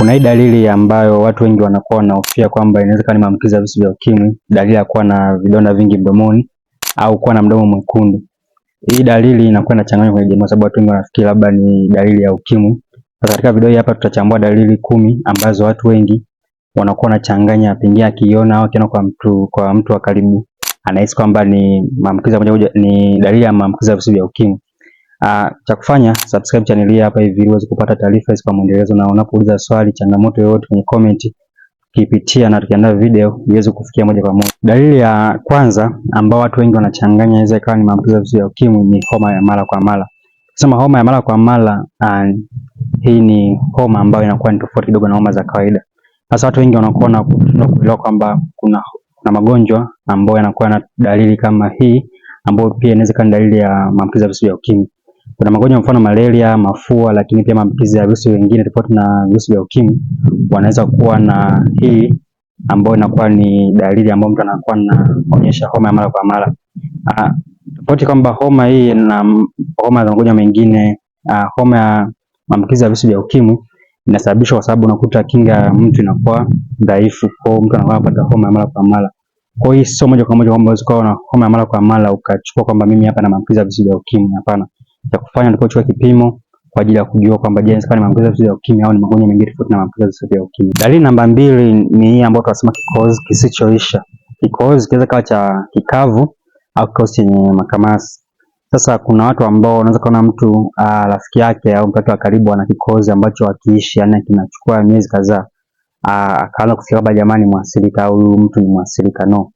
Kuna hii dalili ambayo watu wengi wanakuwa wanahofia kwamba inaweza kuwa ni maambukizi ya virusi vya ukimwi, dalili ya kuwa na vidonda vingi mdomoni au kuwa na mdomo mwekundu. Hii dalili inakuwa inachanganywa kwenye jamii, sababu watu wengi wanafikiri labda ni dalili ya ukimwi. Sasa katika video hii hapa tutachambua dalili kumi ambazo watu wengi wanakuwa wanachanganya, pengine akiona au akiona kwa mtu kwa mtu wa karibu anahisi kwamba ni maambukizi ya ni dalili ya maambukizi ya virusi vya ukimwi. Ah, cha kufanya subscribe channel hii hapa hivi uweze kupata taarifa hizi kwa mwendelezo, na unapouliza swali, changamoto yoyote kwenye comment, kipitia na tukiandaa video iweze kufikia moja kwa moja. Dalili ya kwanza ambao watu wengi wanachanganya inaweza ikawa ni maambukizi ya virusi vya ukimwi ni homa ya mara kwa mara. Kusema homa ya mara kwa mara, ah, hii ni homa ambayo inakuwa ni tofauti kidogo na homa za kawaida. Sasa watu wengi wanakuwa na kuelewa kwamba kuna na magonjwa ambayo yanakuwa na dalili kama hii ambayo pia inaweza kuwa dalili ya maambukizi ya virusi vya ukimwi. Kuna magonjwa mfano malaria, mafua, lakini pia maambukizi ya virusi vingine tofauti na virusi vya ukimwi wanaweza kuwa na hii ambayo inakuwa ni dalili ambayo mtu anakuwa anaonyesha homa ya mara kwa mara. Ah, tofauti kwamba homa hii na homa za magonjwa mengine, ah, homa ya maambukizi ya virusi vya ukimwi inasababishwa kwa sababu unakuta kinga ya mtu inakuwa dhaifu, kwa mtu anakuwa anapata homa ya mara kwa mara. Kwa hiyo sio moja kwa moja kwamba ukawa na homa ya mara kwa mara ukachukua kwamba mimi hapa na maambukizi ya virusi vya ukimwi, hapana cha kufanya unapochukua kipimo kwa ajili ya kujua kwamba je, ni maambukizi ya ukimwi au ni magonjwa mengine tofauti na maambukizi ya ukimwi. Dalili namba mbili ni hii ambayo tunasema kikohozi kisichoisha. Kikohozi kinaweza kawa cha kikavu au kikohozi chenye makamasi. Sasa kuna watu ambao unaweza kuona mtu ah, rafiki yake au mtu wa karibu ana kikohozi ambacho hakiishi, yani kinachukua miezi kadhaa, ah, akaanza kufikiria kwamba jamani, mwasilika au huyu mtu ni mwasilika. No,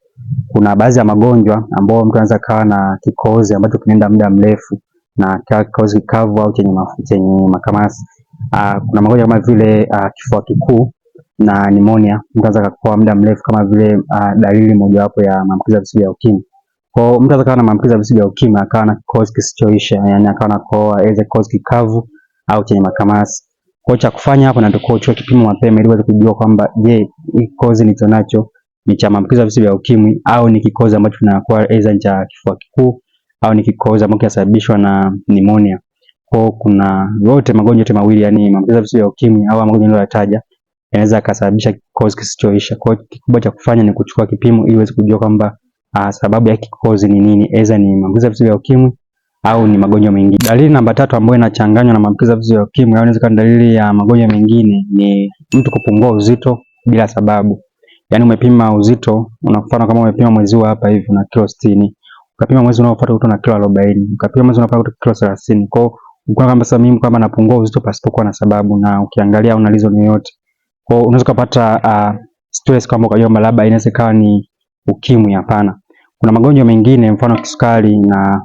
kuna baadhi ya magonjwa ambao mtu anaweza kawa na kikohozi ambacho kinaenda muda mrefu na kozi kavu au chenye, chenye makamasi. Uh, kuna magonjwa kama vile uh, kifua kikuu na nimonia, mtu anaweza kukaa muda mrefu kama vile uh, dalili mojawapo ya maambukizi ya virusi vya ukimwi. Kwa hiyo mtu anaweza kuwa na maambukizi ya virusi vya ukimwi akawa na kikohozi kisichoisha, yani akawa na kikohozi kikavu au chenye makamasi. Kwa cha kufanya hapo natakiwa uchukue kipimo mapema ili uweze kujua kwamba je, hii kikohozi nilichonacho ni cha maambukizi ya virusi vya ukimwi au ni kikozi ambacho kinakuwa aidha cha kifua kikuu au ni kikohozi ambacho kinasababishwa na pneumonia. Kwa kuna yote magonjwa yote mawili yani maambukizi ya virusi vya ukimwi au magonjwa niliyoyataja yanaweza kusababisha kikohozi kisichoisha. Kwa hiyo kikubwa cha kufanya ni kuchukua kipimo ili uweze kujua kwamba uh, sababu ya kikohozi ni nini, aidha ni maambukizi ya virusi vya ukimwi au ni magonjwa mengine. Dalili namba tatu ambayo inachanganywa na maambukizi ya virusi vya ukimwi au inaweza kuwa dalili ya magonjwa mengine ni mtu kupungua uzito bila sababu. Yaani umepima uzito, unafana kama umepima mwezi huu hapa hivi na kilo 60 ukapima mwezi unaofuata na kilo 40, ukapima mwezi unaofuata kilo 30. Kwa hiyo ukiona kama sasa mimi kama napungua uzito pasipokuwa na sababu na ukiangalia una reason yoyote. Kwa hiyo unaweza kupata uh, ah, stress kama ukajua labda inaweza ikawa ni ukimwi. Hapana, kuna magonjwa mengine, mfano kisukari na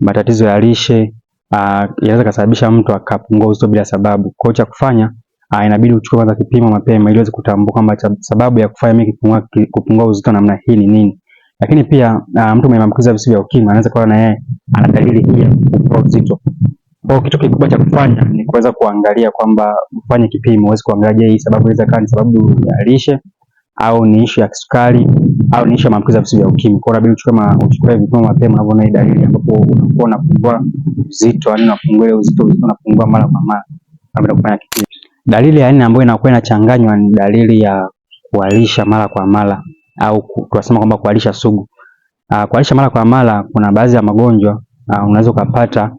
matatizo ya lishe uh, yanaweza kusababisha mtu akapungua uzito bila sababu. Kwa cha kufanya uh, inabidi uchukue kwanza kipimo mapema ili uweze kutambua kwamba sababu ya kufanya mimi kupungua uzito namna hii ni nini. Lakini pia uh, mtu mwenye maambukizi ya virusi vya ukimwi anaweza kuwa na yeye ana dalili hii ya kupungua uzito. Kwa kitu kikubwa cha kufanya ni kuweza kuangalia kwamba mfanye kipimo, uweze kuangalia je, hii sababu inaweza kuwa ni sababu ya lishe au ni ishu ya kisukari au ni ishu ya maambukizi ya virusi vya ukimwi. Kwa hiyo inabidi uchukue vipimo mapema unapoona hii dalili, ambapo unakuwa unapungua uzito, yani unapungua ile uzito, unapungua mara kwa mara kabla kufanya kipimo. Dalili ya nne ambayo inakuwa inachanganywa ni dalili ya kuharisha mara kwa mara au tunasema kwamba kualisha sugu. Uh, ah, kualisha mara kwa mara, kuna baadhi ya magonjwa uh, unaweza ukapata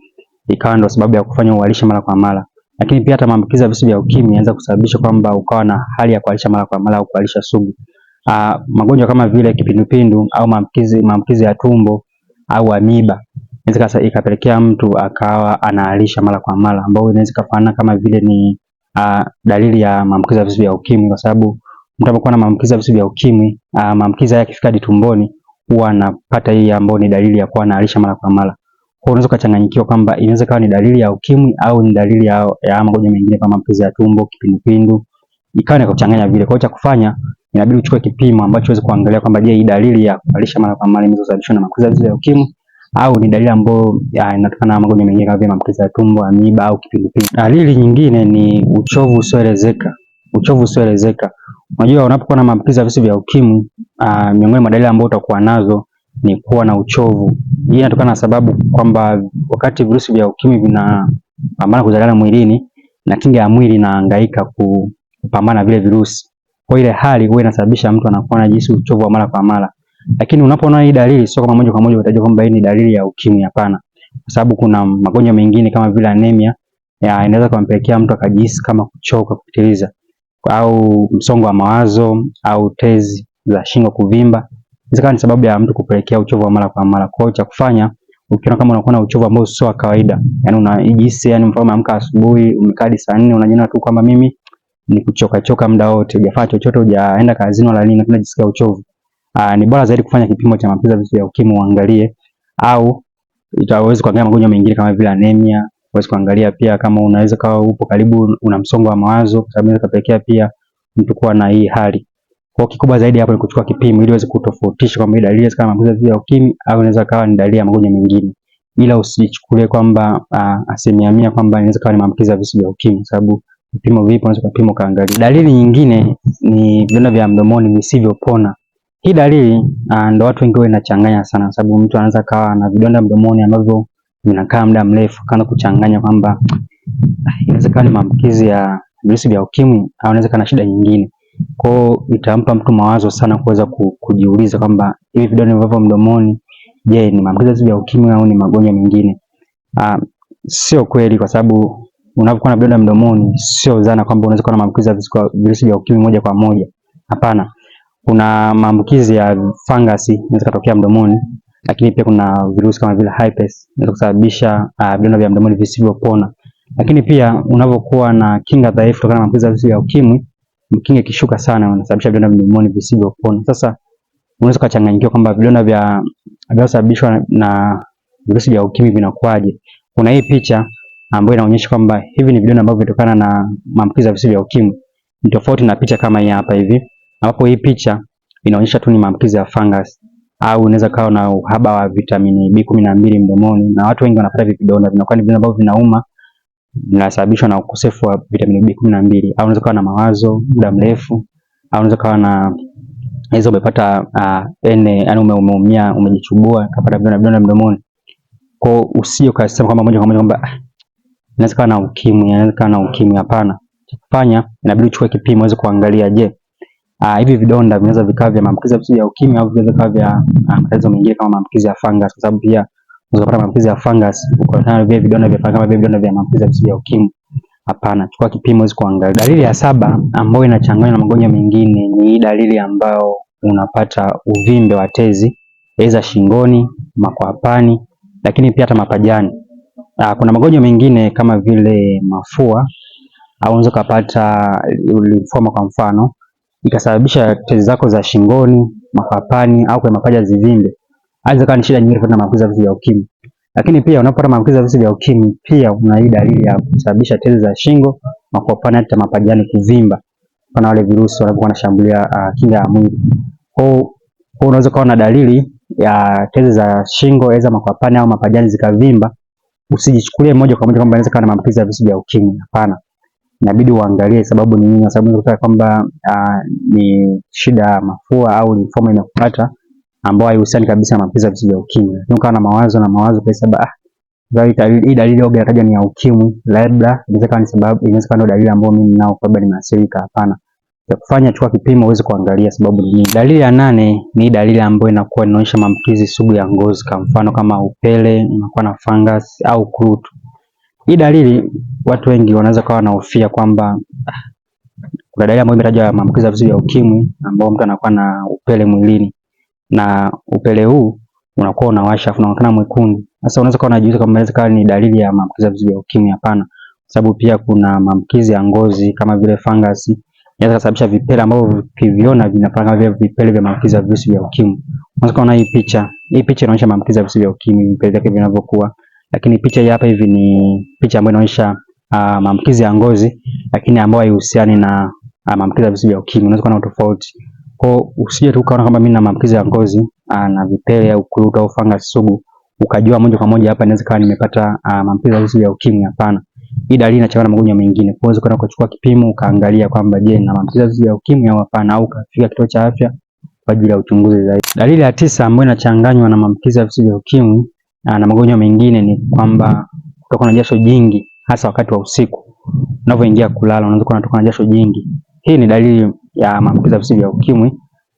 ikawa ndio sababu ya kufanya uharisha mara kwa mara, lakini pia hata maambukizi ya virusi vya ukimwi yanaweza kusababisha kwamba ukawa na hali ya kualisha mara kwa mara au kualisha sugu. Uh, magonjwa kama vile kipindupindu au maambukizi maambukizi ya tumbo au amiba inaweza ikapelekea mtu akawa anaharisha mara kwa mara, ambao inaweza kufanana kama vile ni uh, dalili ya maambukizi ya virusi vya ukimwi, kwa sababu mtu amekuwa na maambukizi ya virusi vya ukimwi, ah, maambukizi haya yakifika hadi tumboni huwa anapata hii ambayo ni dalili ya kuwa analisha mara kwa mara. Kwa hiyo unaweza kuchanganyikiwa kwamba inaweza kawa ni dalili ya ukimwi au ni dalili ya, ya magonjwa mengine kama maambukizi ya tumbo, kipindupindu. Ikawa ni kuchanganya vile. Kwa hiyo cha kufanya inabidi uchukue kipimo ambacho uweze kuangalia kwamba je, hii dalili ya kuharisha mara kwa mara inazozalishwa na maambukizi ya virusi vya ukimwi au ni dalili ambayo inatokana na magonjwa mengine kama vile maambukizi ya tumbo, amiba au kipindupindu. Ah, dalili nyingine ni uchovu usioelezeka. Uchovu usioelezeka. Unajua, unapokuwa na maambukizi ya virusi vya ukimwi, ah, miongoni mwa dalili ambazo utakuwa nazo ni kuwa na uchovu. Hii inatokana na sababu kwamba wakati virusi vya ukimwi vinapambana ah, kuzaliana mwilini na kinga ya mwili inahangaika kupambana vile virusi. Kwa ile hali huwa inasababisha mtu anakuwa na anajihisi uchovu wa mara kwa mara. Lakini unapoona hii dalili sio kama moja kwa moja utajua kwamba hii ni dalili ya ukimwi, hapana. Kwa sababu kuna magonjwa mengine kama vile anemia inaweza kumpelekea mtu akajihisi kama kuchoka kupitiliza au msongo wa mawazo au tezi za shingo kuvimba. Inawezekana ni sababu ya mtu kupelekea uchovu wa mara kwa mara. Kwa hiyo cha kufanya ukiona kama unakuwa na uchovu ambao sio wa kawaida, yani unajisi, yani mfano umeamka asubuhi umekaa hadi saa nne unajiona tu kwamba mimi ni kuchoka choka muda wote, hujafanya chochote, hujaenda kazini wala nini, unajisikia uchovu. Aa, ah, ni bora zaidi kufanya kipimo cha maambukizi ya virusi vya UKIMWI uangalie, au utaweza kuangalia magonjwa mengine kama vile anemia uweze kuangalia pia kama unaweza kawa upo karibu, una msongo wa mawazo, kwa sababu inaweza pia mtu kuwa na hii hali. Kwa kikubwa zaidi hapo ni kuchukua kipimo ili uweze kutofautisha kwamba dalili kama maambukizi ya ukimwi au inaweza kawa ni dalili ya magonjwa mengine, ila usichukulie kwamba asilimia mia kwamba inaweza kawa ni maambukizi ya virusi vya ukimwi, sababu vipimo vipo, unaweza kupima kaangalia. Dalili nyingine ni vidonda vya mdomoni visivyopona. Hii dalili ndio watu wengi inachanganya sana, sababu mtu anaweza kawa na vidonda mdomoni ambavyo vinakaa muda mrefu, kana kuchanganya kwamba ah, inawezekana ni maambukizi ya virusi vya ukimwi au inawezekana shida nyingine. Kwa hiyo itampa mtu mawazo sana kuweza kujiuliza kwamba hivi vidonda vinavyo mdomoni, je, ni maambukizi ya ukimwi au ni magonjwa mengine? Ah, sio kweli kwa sababu unapokuwa na vidonda mdomoni sio dhana kwamba unaweza kuwa na maambukizi ya virusi vya ukimwi moja kwa moja. Hapana, kuna maambukizi ya fangasi inaweza kutokea mdomoni lakini pia kuna virusi kama vile herpes inaweza kusababisha uh, vidonda vya mdomoni visivyopona. Lakini pia unavyokuwa na kinga dhaifu kutokana na maambukizi ya virusi vya ukimwi, kinga ikishuka sana unasababisha vidonda vya mdomoni visivyopona. Sasa unaweza kuchanganyikiwa kwamba vidonda vya vinavyosababishwa na virusi vya ukimwi vinakuaje. Kuna hii picha ambayo inaonyesha kwamba hivi ni vidonda ambavyo vinatokana na maambukizi ya virusi vya ukimwi, ni tofauti na picha kama hii hapa hivi, ambapo hii picha inaonyesha tu ni maambukizi ya fungus au unaweza kawa na uhaba wa vitamini B12 mdomoni, na watu wengi wanapata vipidonda, vinakuwa ni vidonda ambavyo vinauma, vinasababishwa na ukosefu wa vitamini B12. Au unaweza kawa na mawazo muda mrefu, au unaweza kawa na hizo umepata uh, ah, ene, yani umeumia, umejichubua, kapata vidonda vidonda mdomoni. Kwa usio kasema kwamba moja kwa moja kwamba ah, inaweza kawa na ukimwi, inaweza kawa na ukimwi. Hapana, cha kufanya inabidi uchukue kipimo uweze kuangalia, je Uh, hivi vidonda vinaweza vikawa vya maambukizi ya ya ukimwi au vinaweza vikawa vya ah, matatizo mengine kama maambukizi ya fungus, kwa sababu pia unaweza kupata maambukizi ya fungus ukakutana na vile vidonda vya fungus kama vile vidonda vya maambukizi ya ukimwi. Hapana, chukua kipimo hizi kuangalia. Dalili ya saba ambayo inachanganywa na magonjwa mengine ni dalili ambayo unapata uvimbe wa tezi aidha shingoni, makwapani, lakini pia hata mapajani. Uh, kuna magonjwa mengine kama vile mafua au unaweza kupata lymphoma kwa mfano ikasababisha tezi zako za shingoni, mapapani au kwenye mapaja zivimbe, anaweza kuwa ni shida nyingine kupata maambukizi ya virusi vya ukimwi. Lakini pia unapopata maambukizi ya virusi vya ukimwi, pia una hii dalili ya kusababisha tezi za shingo, mapapani, hata mapajani kuvimba, kuna wale virusi wanapokuwa wanashambulia uh, kinga ya mwili. Kwa hiyo unaweza kuwa na dalili ya tezi za shingo, za mapapani au mapajani zikavimba. Usijichukulie moja kwa moja kwamba inaweza kuwa na maambukizi ya virusi vya ukimwi, hapana inabidi uangalie sababu ni nini, sababu unakuta kwamba ah, ni shida ya mafua au ni foma inakupata ambayo haihusiani kabisa na mapenzi ya virusi vya ukimwi, lakini ukawa na mawazo na mawazo kwa sababu hii dalili yoga yataja ni ya ukimwi, labda inaweza kuwa ni sababu, inaweza kuwa ndio dalili ambayo mimi ninao, labda nimeathirika. Hapana, ya kufanya chukua kipimo uweze kuangalia sababu ni nini. Dalili ya nane ni dalili ambayo inakuwa inaonyesha maambukizi sugu ya ngozi, kwa mfano kama upele, unakuwa na fungus au kutu. Hii dalili watu wengi wanaweza kuwa wanahofia kwamba kuna dalili ambayo imetajwa ya maambukizi ya virusi vya ukimwi, ambao mtu anakuwa na upele mwilini, na upele huu unakuwa unawasha, afu unaonekana mwekundu. Sasa unaweza kuwa unajiuliza kama inaweza kuwa ni dalili ya maambukizi ya virusi vya ukimwi. Hapana, sababu pia kuna maambukizi ya ngozi kama vile fangasi inaweza kusababisha vipele ambavyo ukiviona vinafanana vinapanga vile vipele vya maambukizi ya virusi vya ukimwi. Unaweza kuona hii picha, hii picha inaonyesha maambukizi ya virusi vya ukimwi, vipele vyake vinavyokuwa lakini picha hii hapa hivi ni picha ambayo inaonyesha uh, maambukizi ya ngozi, lakini ambayo haihusiani na uh, maambukizi ya virusi vya ukimwi. Unaweza kuona tofauti. kwa, usije tu ukaona kwamba mimi na maambukizi ya ngozi uh, na vipele au kuruka au fungus sugu, ukajua moja kwa moja hapa inaweza kawa nimepata uh, maambukizi ya virusi vya ukimwi. Hapana, hii dalili inachangana na magonjwa mengine. Kwa hiyo unaweza kuchukua kipimo ukaangalia kwamba je, na maambukizi ya virusi vya ukimwi au hapana, au kafika kituo cha afya kwa ajili ya uchunguzi zaidi. Dalili ya tisa ambayo inachanganywa na maambukizi ya virusi vya ukimwi na magonjwa mengine ni kwamba kutokana na jasho jingi, hasa wakati wa usiku, unapoingia kulala unaweza kuwa unatokana na jasho jingi. Hii ni dalili ya maambukizi ya virusi vya ukimwi,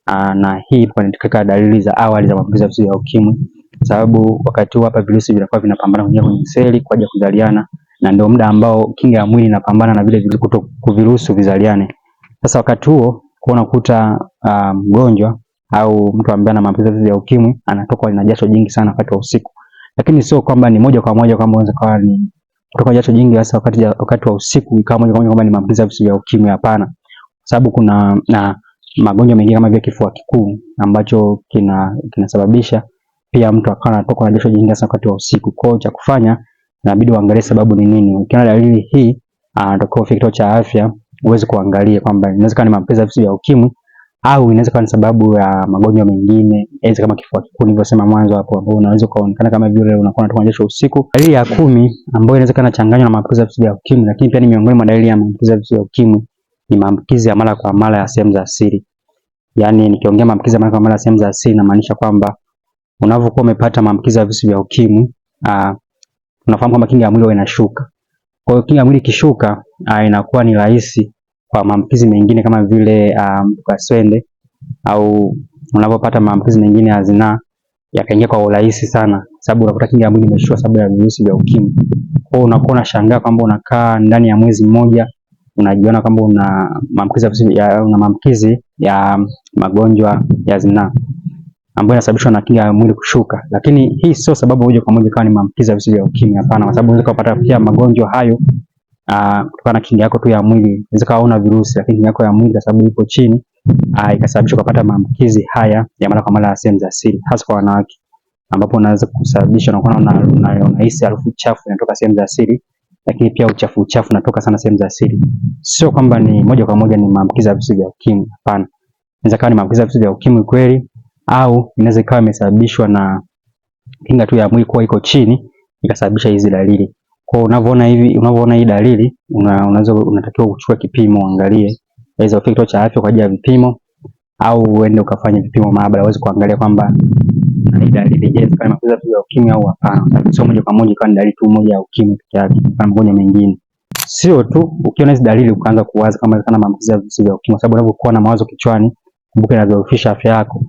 ah, na hii katika dalili za awali za maambukizi ya virusi vya ukimwi, sababu wakati huo hapa virusi vinakuwa vinapambana kuingia kwenye seli kwa ajili ya kuzaliana, na ndio muda ambao kinga ya mwili inapambana na vile virusi kuviruhusu vizaliane. Sasa wakati huo unakuta ah, mgonjwa um, au mtu ambaye ana maambukizi ya ukimwi anatoka na jasho jingi sana wakati wa usiku lakini sio kwamba ni moja kwa moja kwamba unaweza ni kutoka jasho jingi hasa wakati, wakati wa usiku ikawa moja kwa moja kwamba ni maambukizi ya virusi vya ukimwi. Hapana, kwa sababu kuna na magonjwa mengine kama vile kifua kikuu ambacho kina kinasababisha pia mtu akawa anatoka na jasho jingi hasa wakati wa usiku. Kwa cha kufanya inabidi uangalie sababu ni nini. Ukiona dalili hii, anatokea ah, ufike kituo cha afya uweze kuangalia kwamba inaweza kuwa ni maambukizi ya virusi vya ukimwi au inaweza kuwa ni sababu ya magonjwa mengine, aidha kama kifua kikuu nilivyosema mwanzo hapo, ambao unaweza kuonekana kama vile unakuwa na jasho usiku. Dalili ya kumi ambayo inaweza kuwa inachanganywa na maambukizi ya virusi vya ukimwi, lakini pia ni miongoni mwa dalili ya maambukizi ya virusi vya ukimwi ni maambukizi ya mara kwa mara ya sehemu za siri. Yaani nikiongea maambukizi ya mara kwa mara ya sehemu za asili inamaanisha kwamba unavyokuwa umepata maambukizi ya virusi vya ukimwi, ah, unafahamu kwamba kinga ya mwili inashuka. Kwa hiyo kinga ya mwili ikishuka, ah, inakuwa ni rahisi kwa maambukizi mengine kama vile ukaswende um, au unapopata maambukizi mengine ya zinaa yakaingia kwa urahisi sana, sababu unakuta kinga ya mwili imeshuka sababu ya virusi vya ukimwi. Kwa hiyo unakuwa unashangaa kwamba unakaa ndani ya mwezi mmoja unajiona kwamba una maambukizi ya, una maambukizi ya magonjwa ya zinaa ambayo inasababishwa na kinga ya mwili kushuka. Lakini hii sio sababu moja kwa moja kama ni maambukizi ya virusi vya ukimwi, hapana, kwa sababu unaweza kupata pia magonjwa hayo uh, na kinga yako tu ya mwili inaweza kuwa una virusi, lakini kinga yako ya mwili kwa sababu ipo chini ah, ikasababisha kupata maambukizi haya ya mara kwa mara ya sehemu za siri, hasa kwa wanawake, ambapo unaweza kusababisha unakuwa una hisi harufu chafu inatoka sehemu za siri, lakini pia uchafu uchafu unatoka sana sehemu za siri. Sio kwamba ni moja kwa moja ni maambukizi ya virusi vya ukimwi, hapana. Inaweza kuwa ni maambukizi ya virusi vya ukimwi kweli, au inaweza ikawa imesababishwa na kinga tu ya mwili kuwa iko chini ikasababisha hizi dalili. Kwa unavyoona hivi, unavyoona hii dalili, una, unazo, unatakiwa kuchukua kipimo uangalie, aidha ufike kituo cha afya kwa ajili ya vipimo au uende ukafanya vipimo maabara uweze kuangalia kwamba ni dalili je, kama magonjwa ya ukimwi au hapana. Sio moja kwa moja kwa dalili tu moja ya ukimwi pekee yake, kama magonjwa mengine. Sio tu ukiona hizo dalili ukaanza kuwaza kama kana maambukizi ya virusi vya ukimwi, sababu unapokuwa na mawazo kichwani, kumbuka inadhoofisha afya yako,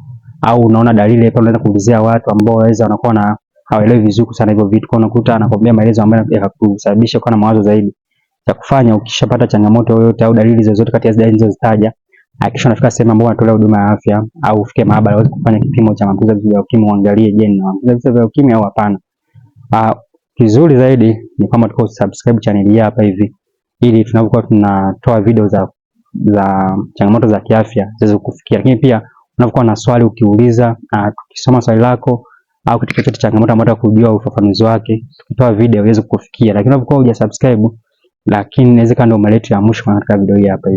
au unaona dalili hapa, unaweza kuulizia watu ambao waweza wanakuwa na hawaelewi vizuri sana hivyo vitu, kwa unakuta anakwambia maelezo ambayo yakakusababisha kuwa na mawazo zaidi. Cha kufanya ukishapata changamoto yoyote au dalili zozote kati ya zile nilizozitaja, hakikisha unafika sehemu ambayo unatolea huduma ya afya au ufike maabara uweze kufanya kipimo cha maambukizi ya ukimwi, uangalie je, ni maambukizi ya ukimwi au hapana. Ah, kizuri zaidi ni kama tuko subscribe channel hii hapa hivi, ili tunapokuwa tunatoa video za za changamoto za kiafya ziweze kukufikia, lakini pia unapokuwa na swali ukiuliza, na ah, tukisoma swali lako au katika chote changamoto ambayo kujua ufafanuzi wake, tukitoa video iweze kukufikia, lakini unapokuwa hujasubscribe, lakini inawezekana ndio mara yetu ya mwisho katika video hii hapa.